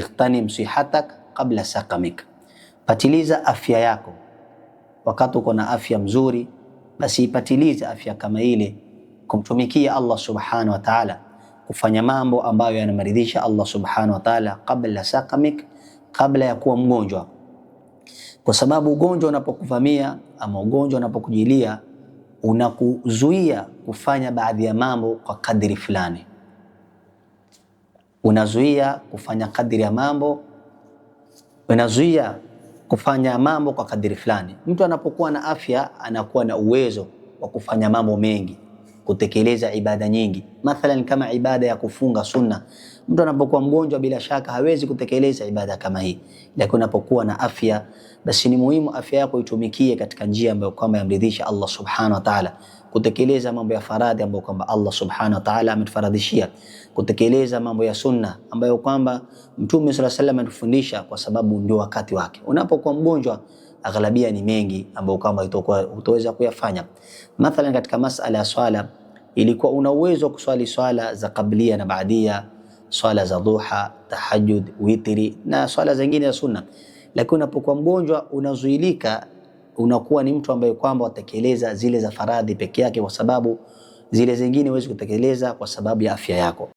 Ightanim sihatak kabla sakamika, patiliza afya yako wakati uko na afya mzuri, basi ipatilize afya kama ile kumtumikia Allah subhanahu wa ta'ala, kufanya mambo ambayo yanamridhisha Allah subhanahu wa ta'ala kabla sakamik, kabla ya kuwa mgonjwa, kwa sababu ugonjwa unapokuvamia ama ugonjwa unapokujilia unakuzuia kufanya baadhi ya mambo kwa kadri fulani unazuia kufanya kadiri ya mambo, unazuia kufanya mambo kwa kadiri fulani. Mtu anapokuwa na afya anakuwa na uwezo wa kufanya mambo mengi, kutekeleza ibada nyingi, mathalan kama ibada ya kufunga sunna. Mtu anapokuwa mgonjwa, bila shaka hawezi kutekeleza ibada kama hii, lakini unapokuwa na afya, basi ni muhimu afya yako itumikie katika njia ambayo kwamba yamridhisha Allah subhanahu wa ta'ala, kutekeleza mambo ya faradhi ambayo kwamba Allah subhanahu wa ta'ala ametufaradhishia, kutekeleza mambo ya sunna ambayo kwamba Mtume swalla sallam anatufundisha, kwa sababu ndio wakati wake. Unapokuwa mgonjwa aghalabia ni mengi ambayo kwamba utaweza kuyafanya, mathalan katika masala ya swala ilikuwa una uwezo wa kuswali swala za kablia na baadia, swala za duha, tahajjud, witri na swala zingine za sunna, lakini unapokuwa mgonjwa unazuilika, unakuwa ni mtu ambaye kwamba watekeleza zile za faradhi peke yake, kwa sababu zile zingine huwezi kutekeleza kwa sababu ya afya yako.